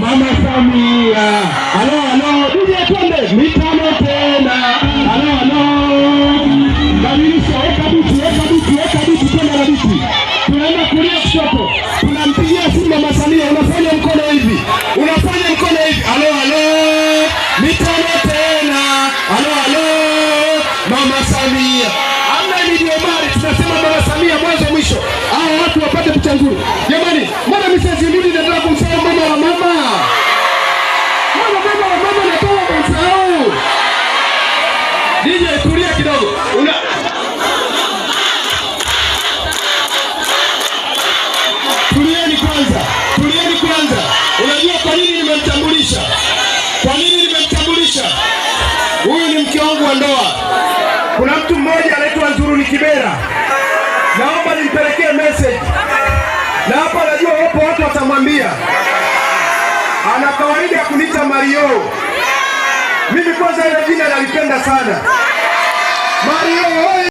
Mama Samia. Halo halo, DJ Konde, mitano tena. Halo halo. Badilisha, weka biti, weka biti, weka biti tena na biti. Tunaenda kulia kushoto. Tunampigia simu Mama Samia, unafanya mkono hivi. Unafanya mkono hivi. Halo halo. Mitano tena. Halo halo. Mama Samia. Amna ni ndio mali tunasema Mama Samia mwanzo mwisho. Hao watu wapate picha nzuri. Jamani, mbona misezi mbili ndio ndio kumsema mama tulia kidogo. Una tulieni kwanza, tulieni kwanza. Unajua kwa nini nimemtambulisha? Kwa nini nimemtambulisha? Huyu ni mke wangu wa ndoa. Kuna mtu mmoja anaitwa Nzuruni Kibera, naomba nimpelekee message, na hapa najua wapo watu watamwambia ana kawaida ya kuniita Mario. Mimi kwanza ile jina nalipenda sana. Mario